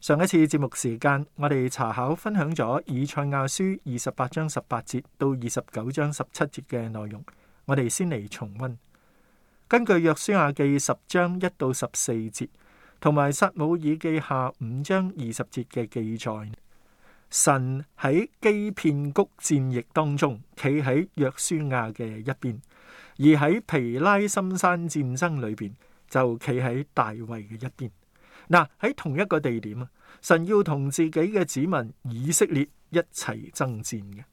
上一次節目時間，我哋查考分享咗以賽亞書二十八章十八節到二十九章十七節嘅內容，我哋先嚟重溫。根據約書亞記十章一到十四節，同埋撒母耳記下五章二十節嘅記載，神喺基遍谷戰役當中，企喺約書亞嘅一邊；而喺毗拉心山戰爭裏邊，就企喺大衛嘅一邊。嗱，喺、啊、同一個地點啊，神要同自己嘅子民以色列一齊爭戰嘅。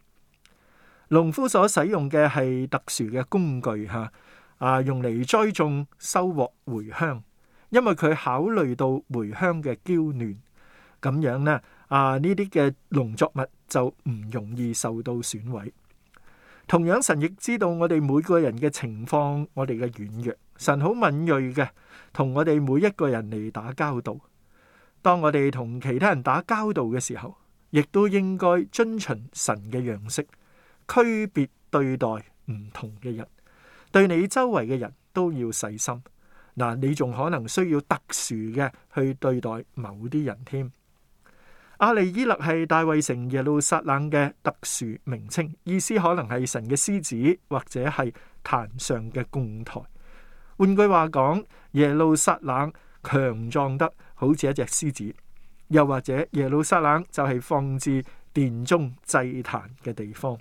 農夫所使用嘅係特殊嘅工具吓，啊，用嚟栽種、收穫、茴香，因為佢考慮到茴香嘅嬌嫩，咁樣呢，啊，呢啲嘅農作物就唔容易受到損毀。同樣，神亦知道我哋每個人嘅情況，我哋嘅軟弱。神好敏銳嘅，同我哋每一個人嚟打交道。當我哋同其他人打交道嘅時候，亦都應該遵循神嘅樣式，區別對待唔同嘅人。對你周圍嘅人都要細心。嗱，你仲可能需要特殊嘅去對待某啲人添。亞利伊勒係大衛城耶路撒冷嘅特殊名稱，意思可能係神嘅獅子，或者係壇上嘅供台。換句話講，耶路撒冷強壯得好似一隻獅子，又或者耶路撒冷就係放置殿中祭壇嘅地方。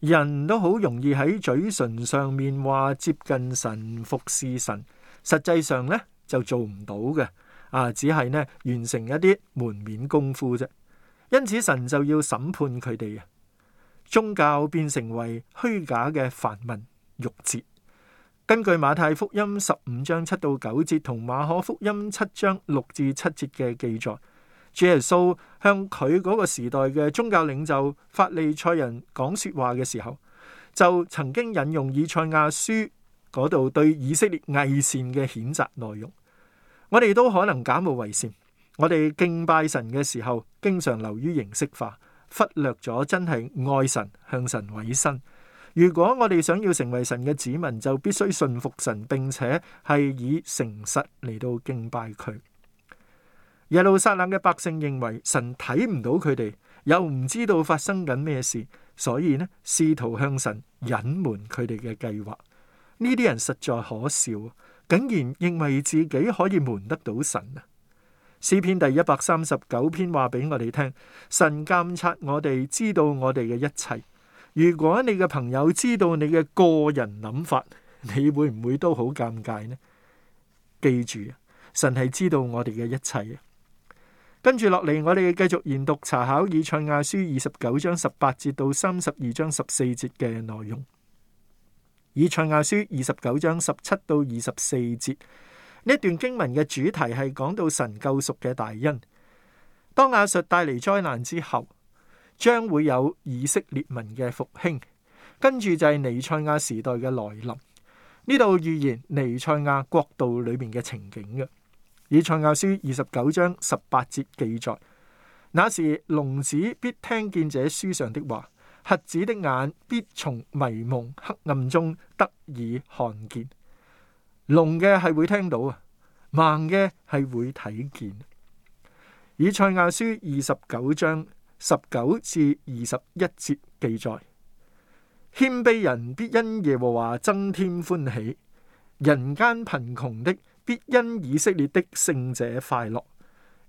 人都好容易喺嘴唇上面話接近神服侍神，實際上呢就做唔到嘅，啊，只係呢完成一啲門面功夫啫。因此神就要審判佢哋啊！宗教變成為虛假嘅繁文縟節。根據馬太福音十五章七到九節同馬可福音七章六至七節嘅記載，主耶穌向佢嗰個時代嘅宗教領袖法利賽人講説話嘅時候，就曾經引用以賽亞書嗰度對以色列偽善嘅譴責內容。我哋都可能假冒為善，我哋敬拜神嘅時候經常流於形式化，忽略咗真係愛神、向神委身。如果我哋想要成為神嘅子民，就必須順服神，並且係以誠實嚟到敬拜佢。耶路撒冷嘅百姓認為神睇唔到佢哋，又唔知道發生緊咩事，所以呢，試圖向神隱瞞佢哋嘅計劃。呢啲人實在可笑，竟然認為自己可以瞞得到神啊！詩篇第一百三十九篇話俾我哋聽，神監察我哋，知道我哋嘅一切。如果你嘅朋友知道你嘅個人諗法，你會唔會都好尷尬呢？記住，神係知道我哋嘅一切。跟住落嚟，我哋繼續研讀查考以賽亞書二十九章十八節到三十二章十四節嘅內容。以賽亞書二十九章十七到二十四節呢段經文嘅主題係講到神救贖嘅大恩。當亞述帶嚟災難之後。將會有以色列民嘅復興，跟住就係彌賽亞時代嘅來臨。呢度預言彌賽亞國度裏面嘅情景嘅，《以賽亞書》二十九章十八節記載：那時聾子必聽見這書上的話，瞎子的眼必從迷蒙黑暗中得以看見。聾嘅係會聽到啊，盲嘅係會睇見。《以賽亞書》二十九章。十九至二十一節記載：謙卑人必因耶和華增添歡喜，人間貧窮的必因以色列的聖者快樂。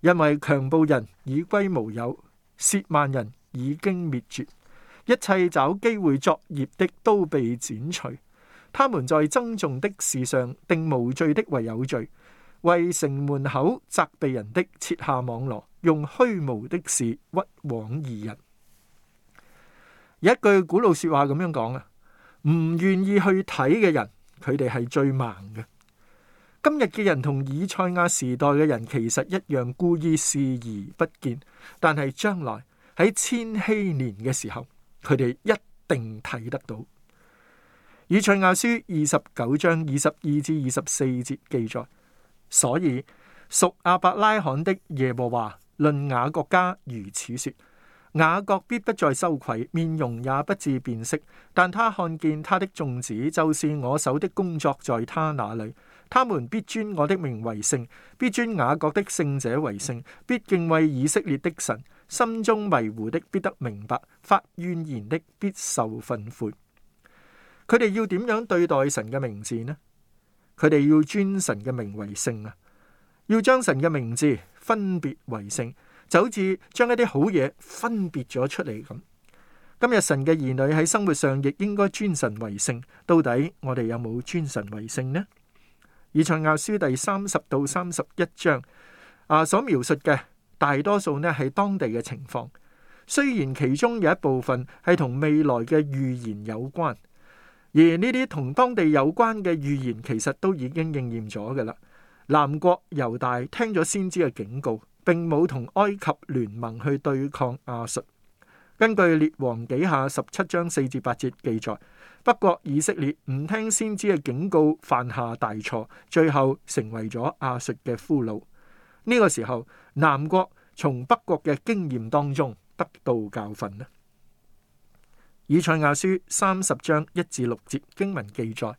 因為強暴人已歸無有，褻慢人已經滅絕，一切找機會作孽的都被剪除，他們在爭訟的事上定無罪的為有罪。為城門口責備人的設下網絡，用虛無的事屈枉義人。有一句古老說話咁樣講啊：唔願意去睇嘅人，佢哋係最盲嘅。今日嘅人同以賽亞時代嘅人其實一樣，故意視而不見。但係將來喺千禧年嘅時候，佢哋一定睇得到。以賽亞書二十九章二十二至二十四節記載。所以屬亞伯拉罕的耶和華論雅各家如此說：雅各必不再羞愧，面容也不至變色。但他看見他的眾子，就是我手的工作，在他那裏，他們必尊我的名為聖，必尊雅各的聖者為聖，必敬畏以色列的神。心中迷糊的必得明白，發怨言的必受訓誨。佢哋要點樣對待神嘅名字呢？佢哋要尊神嘅名為聖啊，要將神嘅名字分別為聖，就好似將一啲好嘢分別咗出嚟咁。今日神嘅兒女喺生活上亦應該尊神為聖。到底我哋有冇尊神為聖呢？以賽亞書第三十到三十一章啊所描述嘅，大多數呢係當地嘅情況，雖然其中有一部分係同未來嘅預言有關。而呢啲同當地有關嘅預言，其實都已經應驗咗嘅啦。南國猶大聽咗先知嘅警告，並冇同埃及聯盟去對抗亞述。根據列王記下十七章四至八節記載，北國以色列唔聽先知嘅警告，犯下大錯，最後成為咗亞述嘅俘虜。呢、這個時候，南國從北國嘅經驗當中得到教訓啦。以賽亞書三十章一至六節經文記載：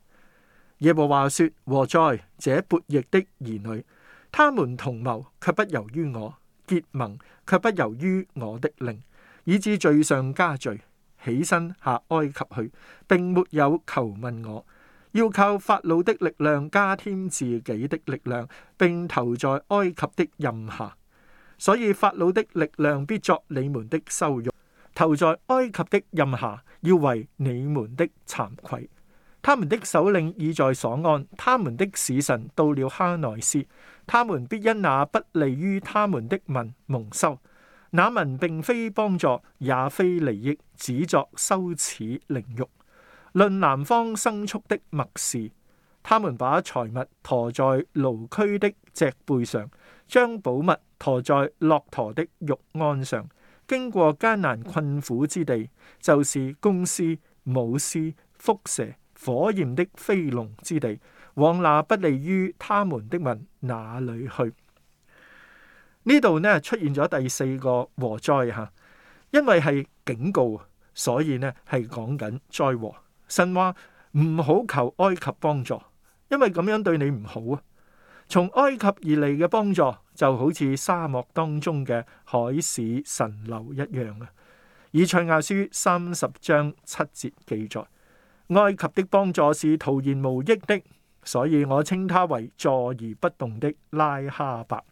耶和華說：禍哉，這悖逆的兒女！他們同謀卻不由於我，結盟卻不由於我的靈，以致罪上加罪。起身下埃及去，並沒有求問我，要靠法老的力量加添自己的力量，並投在埃及的任下。所以法老的力量必作你們的羞辱。投在埃及的蔭下，要為你們的慚愧。他們的首領已在瑣安，他們的使臣到了哈內斯，他們必因那不利於他們的民蒙羞。那民並非幫助，也非利益，只作羞恥凌辱。論南方牲畜的默示，他們把財物馱在驢駒的脊背上，將寶物馱在駱駝的肉鞍上。經過艱難困苦之地，就是公獅、母獅、蝮蛇、火焰的飛龍之地，往那不利於他們的民哪裏去？里呢度呢出現咗第四個禍災吓、啊，因為係警告，所以呢係講緊災禍。神話唔好求埃及幫助，因為咁樣對你唔好啊！從埃及而嚟嘅幫助。就好似沙漠當中嘅海市蜃樓一樣啊！以賽亞書三十章七節記載，埃及的幫助是徒然無益的，所以我稱它為坐而不動的拉哈伯。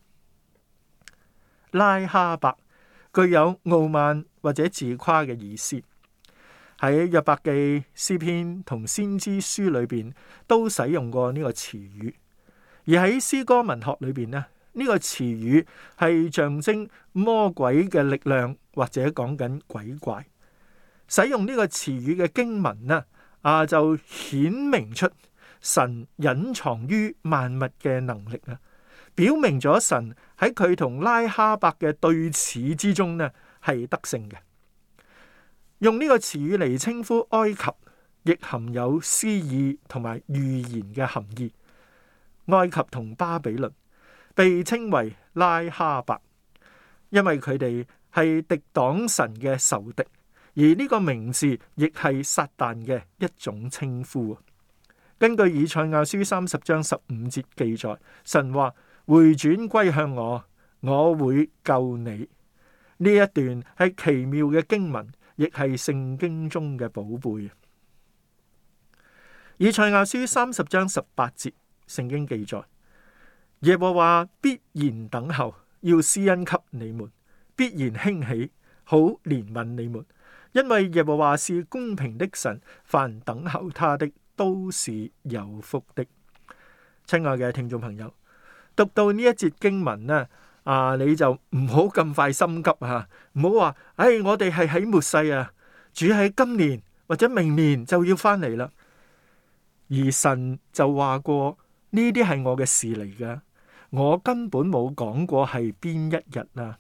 拉哈伯具有傲慢或者自誇嘅意思，喺約伯記詩篇同先知書裏邊都使用過呢個詞語，而喺詩歌文學裏邊咧。呢個詞語係象徵魔鬼嘅力量，或者講緊鬼怪。使用呢個詞語嘅經文呢啊就顯明出神隱藏於萬物嘅能力啊，表明咗神喺佢同拉哈伯嘅對峙之中呢係得勝嘅。用呢個詞語嚟稱呼埃及，亦含有詩意同埋預言嘅含義。埃及同巴比倫。被稱為拉哈伯，因為佢哋係敵擋神嘅仇敵，而呢個名字亦係撒旦嘅一種稱呼。根據以賽亞書三十章十五節記載，神話回轉歸向我，我會救你。呢一段係奇妙嘅經文，亦係聖經中嘅寶貝。以賽亞書三十章十八節聖經記載。耶和華必然等候，要施恩給你們；必然興起，好憐憫你們。因為耶和華是公平的神，凡等候他的，都是有福的。親愛嘅聽眾朋友，讀到呢一節經文呢，啊，你就唔好咁快心急啊，唔好話，唉、哎，我哋係喺末世啊，主喺今年或者明年就要翻嚟啦。而神就話過，呢啲係我嘅事嚟噶。我根本冇講過係邊一日啦。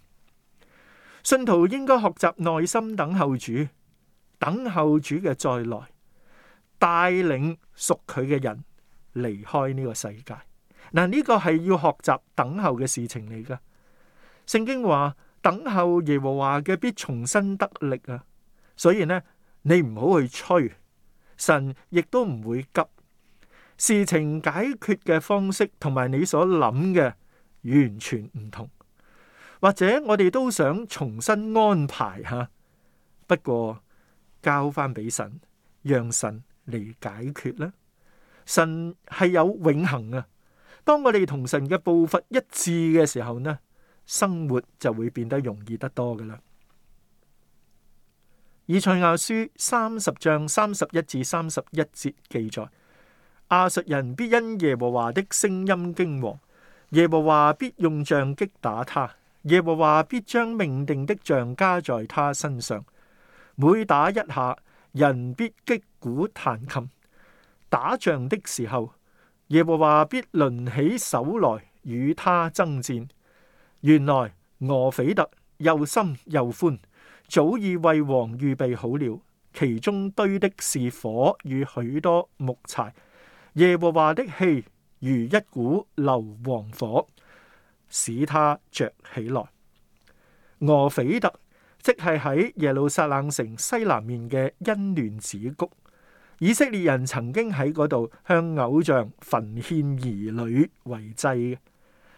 信徒應該學習耐心等候主，等候主嘅再來，帶領屬佢嘅人離開呢個世界。嗱，呢個係要學習等候嘅事情嚟噶。聖經話，等候耶和華嘅必重新得力啊！所以呢，你唔好去催，神亦都唔會急。事情解決嘅方式同埋你所諗嘅完全唔同，或者我哋都想重新安排吓，不過交翻俾神，讓神嚟解決啦。神係有永恆啊。當我哋同神嘅步伐一致嘅時候呢，生活就會變得容易得多噶啦。以賽亞書三十章三十一至三十一節記載。亞述人必因耶和華的聲音驚惶，耶和華必用杖擊打他，耶和華必將命定的杖加在他身上。每打一下，人必擊鼓彈琴。打仗的時候，耶和華必掄起手來與他爭戰。原來俄斐特又深又寬，早已為王預備好了，其中堆的是火與許多木柴。耶和華的氣如一股硫磺火，使他着起來。俄斐特即係喺耶路撒冷城西南面嘅欣嫩子谷，以色列人曾經喺嗰度向偶像焚獻兒女為祭嘅。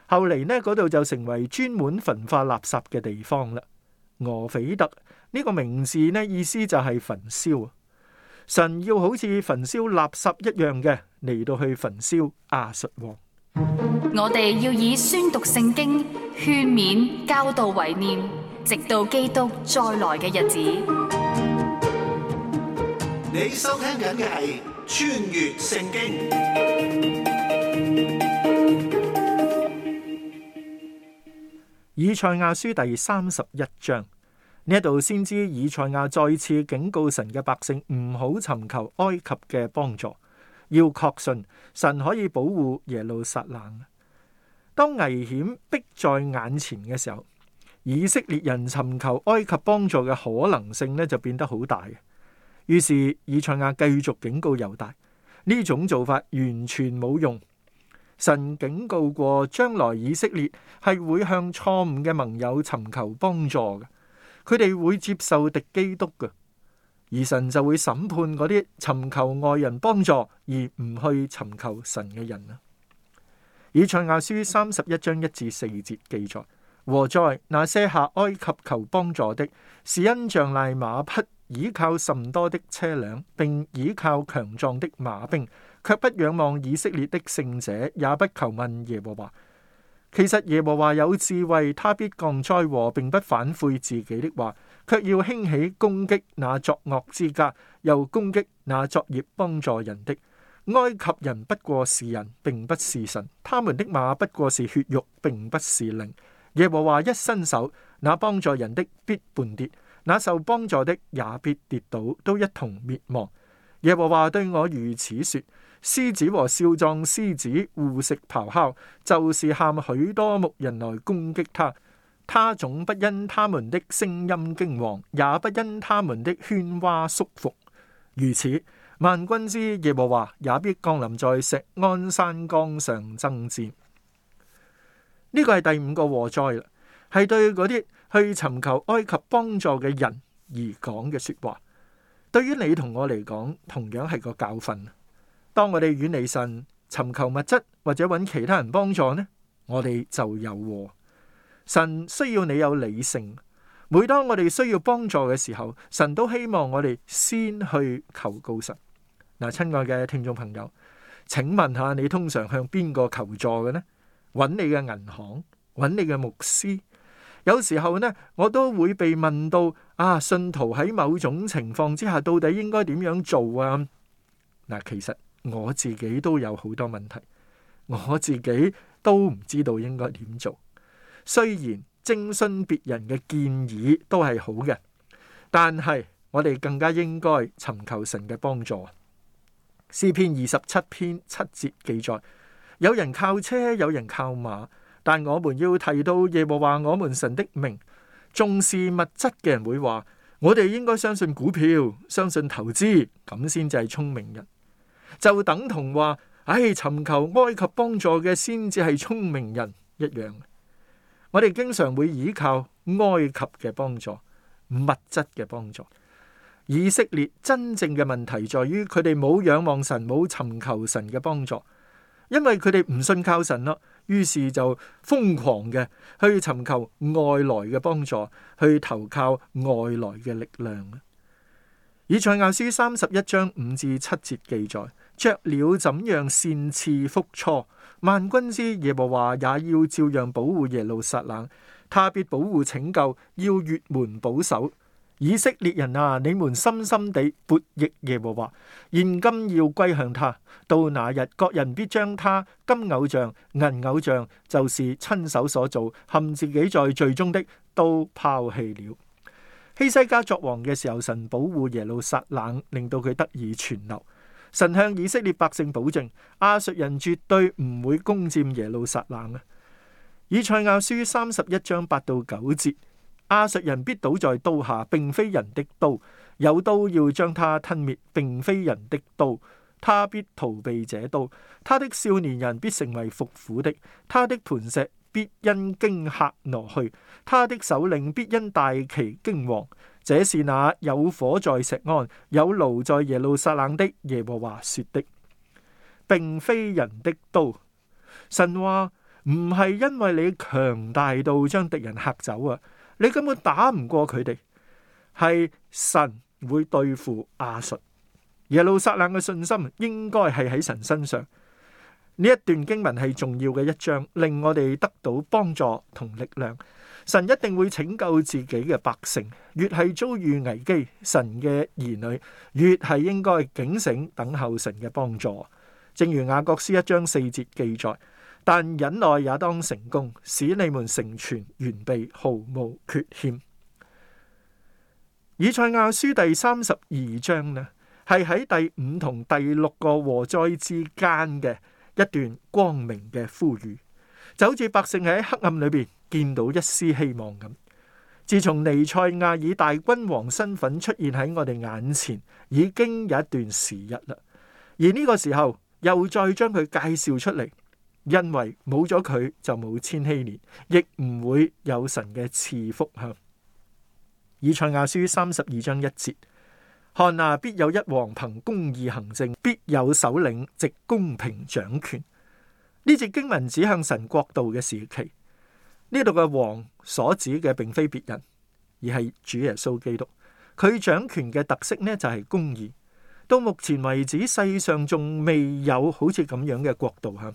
後嚟呢，嗰度就成為專門焚化垃圾嘅地方啦。俄斐特呢、這個名字呢，意思就係焚燒。神要好似焚燒垃圾一樣嘅嚟，到去焚燒亞述王。我哋要以宣讀聖經、勸勉、教導為念，直到基督再來嘅日子。你收聽緊嘅係穿越聖經。以賽亞書第三十一章。呢度先知以賽亞再次警告神嘅百姓，唔好尋求埃及嘅幫助，要確信神可以保護耶路撒冷。當危險迫在眼前嘅時候，以色列人尋求埃及幫助嘅可能性呢就變得好大。於是以賽亞繼續警告猶大，呢種做法完全冇用。神警告過將來以色列係會向錯誤嘅盟友尋求幫助嘅。佢哋會接受敵基督嘅，而神就會審判嗰啲尋求外人幫助而唔去尋求神嘅人啊！以賽亞書三十一章一至四節記載：禍哉！那些下埃及求幫助的，是因仗賴馬匹倚靠甚多的車輛，並倚靠強壯的馬兵，卻不仰望以色列的聖者，也不求問耶和華。其實耶和華有智慧，他必降災禍，並不反悔自己的話，却要興起攻擊那作惡之家，又攻擊那作孽幫助人的。埃及人不過是人，並不是神；他們的馬不過是血肉，並不是靈。耶和華一伸手，那幫助人的必絆跌，那受幫助的也必跌倒，都一同滅亡。耶和華對我如此說：獅子和少壯獅子護食咆哮，就是喊許多牧人來攻擊他。他總不因他們的聲音驚惶，也不因他們的喧嘩束縛。如此，萬軍之耶和華也必降臨在錫安山崗上爭戰。呢個係第五個禍災啦，係對嗰啲去尋求埃及幫助嘅人而講嘅說話。對於你同我嚟講，同樣係個教訓。當我哋遠離神，尋求物質或者揾其他人幫助呢，我哋就有禍。神需要你有理性。每當我哋需要幫助嘅時候，神都希望我哋先去求告神。嗱，親愛嘅聽眾朋友，請問下你通常向邊個求助嘅呢？揾你嘅銀行，揾你嘅牧師。有時候呢，我都會被問到啊，信徒喺某種情況之下到底應該點樣做啊？嗱，其實我自己都有好多問題，我自己都唔知道應該點做。雖然徵詢別人嘅建議都係好嘅，但係我哋更加應該尋求神嘅幫助。詩篇二十七篇七節記載：有人靠車，有人靠馬。但我們要提到耶和華我們神的名。重視物質嘅人會話，我哋應該相信股票，相信投資，咁先至係聰明人，就等同話，唉、哎，尋求埃及幫助嘅先至係聰明人一樣。我哋經常會依靠埃及嘅幫助，物質嘅幫助。以色列真正嘅問題在於佢哋冇仰望神，冇尋求神嘅幫助，因為佢哋唔信靠神咯。於是就瘋狂嘅去尋求外來嘅幫助，去投靠外來嘅力量。以賽亞書三十一章五至七節記載：雀鳥怎樣搧翅覆雛，萬軍之耶和華也要照樣保護耶路撒冷，他必保護拯救，要越門保守。以色列人啊，你們深深地悖逆耶和華，現今要歸向他。到那日，各人必將他金偶像、銀偶像，就是親手所做、陷自己在罪中的，都拋棄了。希西家作王嘅時候，神保護耶路撒冷，令到佢得以存留。神向以色列百姓保證，亞述人絕對唔會攻佔耶路撒冷啊。以賽亞書三十一章八到九節。亞述人必倒在刀下，並非人的刀；有刀要將他吞滅，並非人的刀。他必逃避這刀，他的少年人必成為服苦的，他的磐石必因驚嚇挪去，他的首領必因大旗驚惶。這是那有火在錫安，有爐在耶路撒冷的耶和華說的，並非人的刀。神話唔係因為你強大到將敵人嚇走啊！你根本打唔過佢哋，係神會對付亞述。耶路撒冷嘅信心應該係喺神身上。呢一段經文係重要嘅一章，令我哋得到幫助同力量。神一定會拯救自己嘅百姓。越係遭遇危機，神嘅兒女越係應該警醒，等候神嘅幫助。正如雅各書一章四節記載。但忍耐也當成功，使你們成全完備毫無缺欠。以賽亞書第三十二章呢，係喺第五同第六個禍災之間嘅一段光明嘅呼籲，就好似百姓喺黑暗裏邊見到一絲希望咁。自從彌賽亞以大君王身份出現喺我哋眼前，已經有一段時日啦。而呢個時候又再將佢介紹出嚟。因為冇咗佢就冇千禧年，亦唔會有神嘅賜福。向以賽亞書三十二章一節：看哪，必有一王憑公義行政，必有首領即公平掌權。呢節經文指向神國度嘅時期。呢度嘅王所指嘅並非別人，而係主耶穌基督。佢掌權嘅特色呢，就係、是、公義。到目前為止，世上仲未有好似咁樣嘅國度。哈。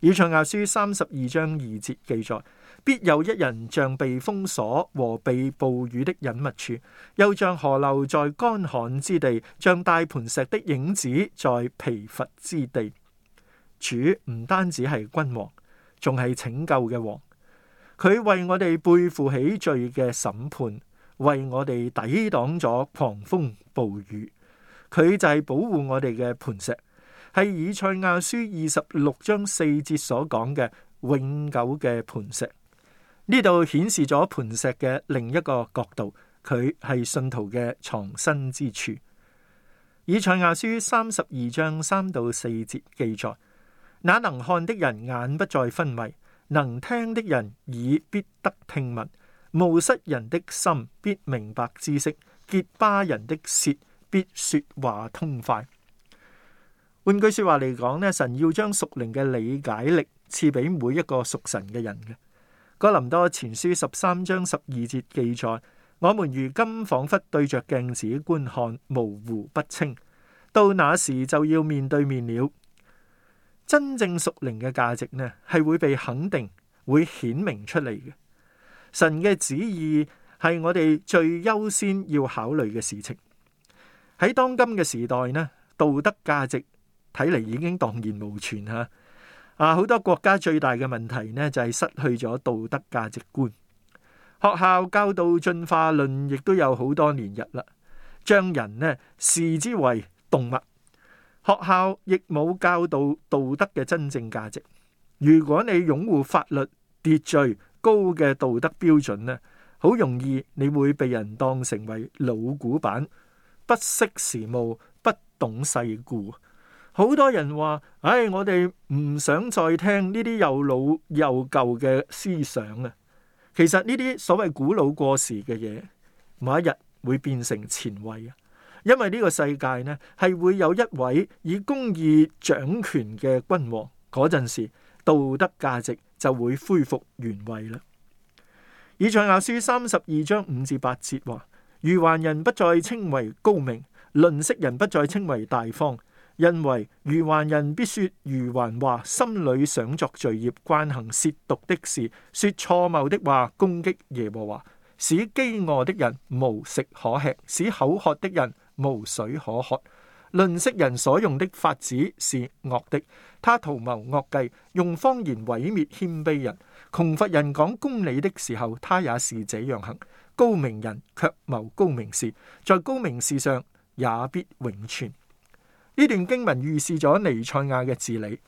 以賽亞書三十二章二節記載，必有一人像避風所和避暴雨的隱密處，又像河流在乾旱之地，像大磐石的影子在疲乏之地。主唔單止係君王，仲係拯救嘅王。佢為我哋背負起罪嘅審判，為我哋抵擋咗狂風暴雨。佢就係保護我哋嘅磐石。係以賽亞書二十六章四節所講嘅永久嘅磐石，呢度顯示咗磐石嘅另一個角度，佢係信徒嘅藏身之處。以賽亞書三十二章三到四節記載：那能看的人眼不再昏迷，能聽的人耳必得聽聞，無失人的心必明白知識，結巴人的舌必說話通快。換句說話嚟講咧，神要將屬靈嘅理解力賜俾每一個屬神嘅人嘅。哥林多前書十三章十二節記載：我們如今仿佛對着鏡子觀看，模糊不清；到那時就要面對面了。真正屬靈嘅價值呢，係會被肯定，會顯明出嚟嘅。神嘅旨意係我哋最優先要考慮嘅事情。喺當今嘅時代呢，道德價值。睇嚟已經蕩然無存嚇。啊，好多國家最大嘅問題呢，就係失去咗道德價值觀。學校教導進化論，亦都有好多年日啦，將人呢，視之為動物。學校亦冇教導道德嘅真正價值。如果你擁護法律秩序、高嘅道德標準呢，好容易你會被人當成為老古板，不識時務，不懂世故。好多人話，唉、哎，我哋唔想再聽呢啲又老又舊嘅思想啊。其實呢啲所謂古老過時嘅嘢，某一日會變成前衛啊。因為呢個世界呢，係會有一位以公義掌權嘅君王，嗰陣時道德價值就會恢復原位啦。以賽亞書三十二章五至八節話，愚頑人不再稱為高明，吝嗇，人不再稱為大方。因為愚頑人必說愚妄話，心裏想作罪孽，慣行褻瀆的事，說錯謬的話，攻擊耶和華，使飢餓的人無食可吃，使口渴的人無水可喝。吝嗇人所用的法子是惡的，他圖謀惡計，用謊言毀滅謙卑人。窮乏人講公理的時候，他也是這樣行；高明人卻謀高明事，在高明事上也必永存。呢段經文預示咗彌賽亞嘅治理。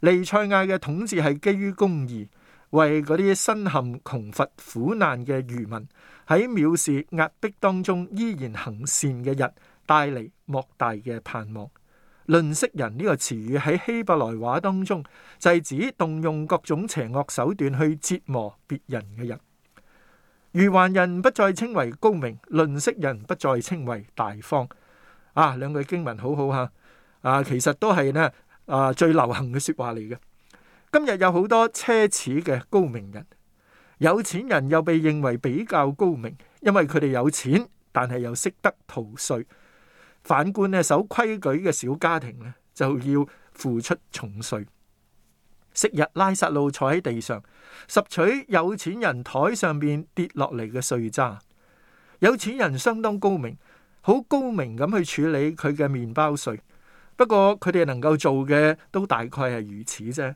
彌賽亞嘅統治係基於公義，為嗰啲身陷窮乏苦難嘅漁民喺藐視壓迫當中依然行善嘅人帶嚟莫大嘅盼望。吝嗇人呢個詞語喺希伯來話當中就係、是、指動用各種邪惡手段去折磨別人嘅人。愚頑人不再稱為高明，吝嗇人不再稱為大方。啊，兩句經文好好、啊、吓。啊，其實都係咧啊，最流行嘅説話嚟嘅。今日有好多奢侈嘅高明人，有錢人又被認為比較高明，因為佢哋有錢，但係又識得逃稅。反觀咧，守規矩嘅小家庭咧，就要付出重稅。昔日拉薩路坐喺地上拾取有錢人台上邊跌落嚟嘅稅渣，有錢人相當高明，好高明咁去處理佢嘅麵包稅。不過佢哋能夠做嘅都大概係如此啫。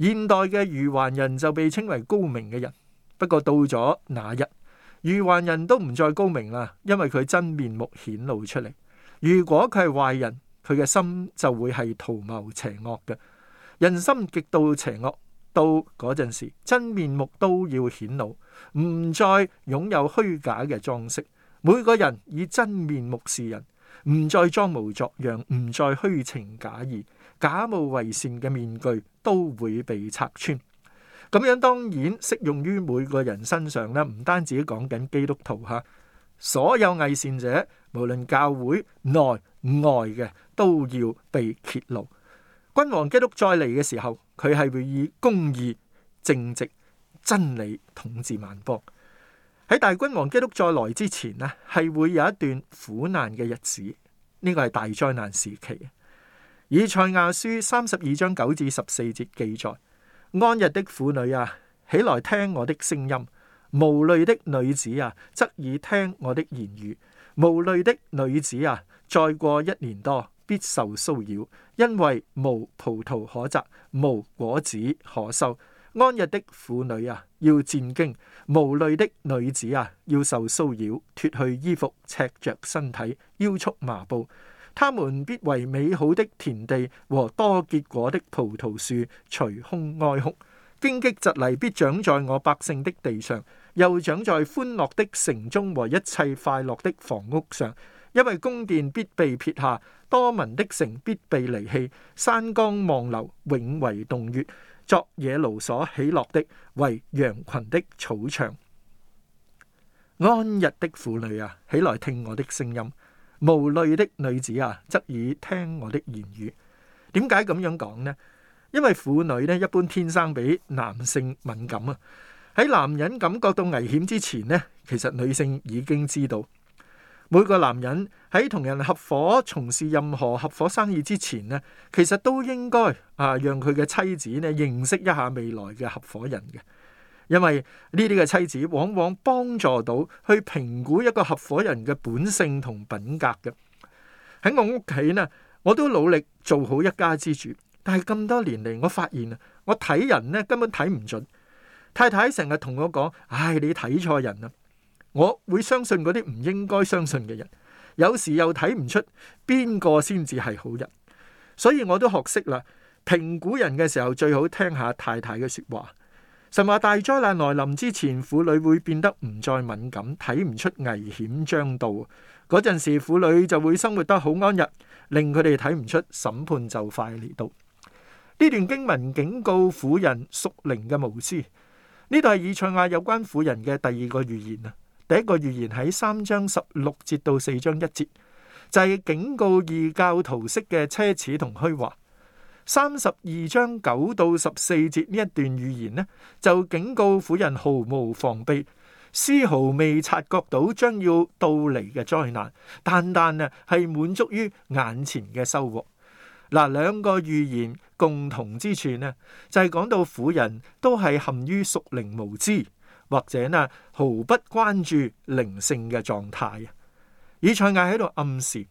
現代嘅愚頑人就被稱為高明嘅人。不過到咗那日，愚頑人都唔再高明啦，因為佢真面目顯露出嚟。如果佢係壞人，佢嘅心就會係圖謀邪惡嘅。人心極度邪惡，到嗰陣時，真面目都要顯露，唔再擁有虛假嘅裝飾。每個人以真面目示人。.唔再裝模作樣，唔再虛情假意、假冒為善嘅面具都會被拆穿。咁樣當然適用於每個人身上咧，唔單止講緊基督徒嚇，所有偽善者，無論教會內外嘅，都要被揭露。君王基督再嚟嘅時候，佢係會以公義、正直、真理統治萬邦。喺大君王基督再來之前咧，係會有一段苦難嘅日子，呢、這個係大災難時期。以賽亞書三十二章九至十四節記載：安逸的婦女啊，起來聽我的聲音；無慮的女子啊，側耳聽我的言語。無慮的女子啊，再過一年多必受騷擾，因為無葡萄可摘，無果子可收。安逸的婦女啊，要戰兢；無慮的女子啊，要受騷擾，脫去衣服，赤着身體，腰束麻布。她們必為美好的田地和多結果的葡萄樹捶胸哀哭。荊棘蒺藜必長在我百姓的地上，又長在歡樂的城中和一切快樂的房屋上，因為宮殿必被撇下，多民的城必被離棄，山岡望樓，永為洞穴。作野驢所喜樂的為羊群的草場。安逸的婦女啊，起來聽我的聲音；無慮的女子啊，側耳聽我的言語。點解咁樣講呢？因為婦女呢，一般天生比男性敏感啊。喺男人感覺到危險之前呢，其實女性已經知道。每個男人喺同人合夥從事任何合夥生意之前呢，其實都應該啊讓佢嘅妻子咧認識一下未來嘅合夥人嘅，因為呢啲嘅妻子往往幫助到去評估一個合夥人嘅本性同品格嘅。喺我屋企呢，我都努力做好一家之主，但係咁多年嚟我發現啊，我睇人呢根本睇唔準。太太成日同我講：「唉，你睇錯人啦！我會相信嗰啲唔應該相信嘅人，有時又睇唔出邊個先至係好人，所以我都學識啦。評估人嘅時候最好聽下太太嘅說話。神話大災難來臨之前，婦女會變得唔再敏感，睇唔出危險將到。嗰陣時，婦女就會生活得好安逸，令佢哋睇唔出審判就快嚟到。呢段經文警告婦人屬靈嘅無知。呢度係以賽亞有關婦人嘅第二個預言啊。第一個預言喺三章十六節到四章一節，就係、是、警告異教徒式嘅奢侈同虛華。三十二章九到十四節呢一段預言呢，就警告婦人毫無防備，絲毫未察覺到將要到嚟嘅災難，單單啊係滿足於眼前嘅收穫。嗱，兩個預言共同之處呢，就係、是、講到婦人都係陷於屬靈無知。或者呢毫不關注靈性嘅狀態啊，以賽亞喺度暗示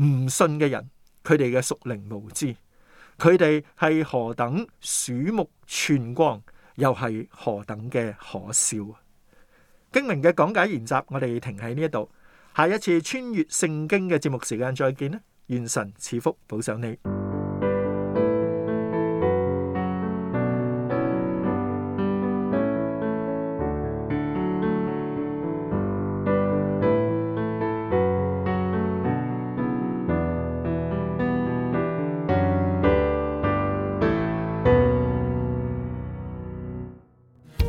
唔信嘅人，佢哋嘅屬靈無知，佢哋係何等鼠目寸光，又係何等嘅可笑啊！經明嘅講解研習，我哋停喺呢一度，下一次穿越聖經嘅節目時間再見啦。願神賜福保守你。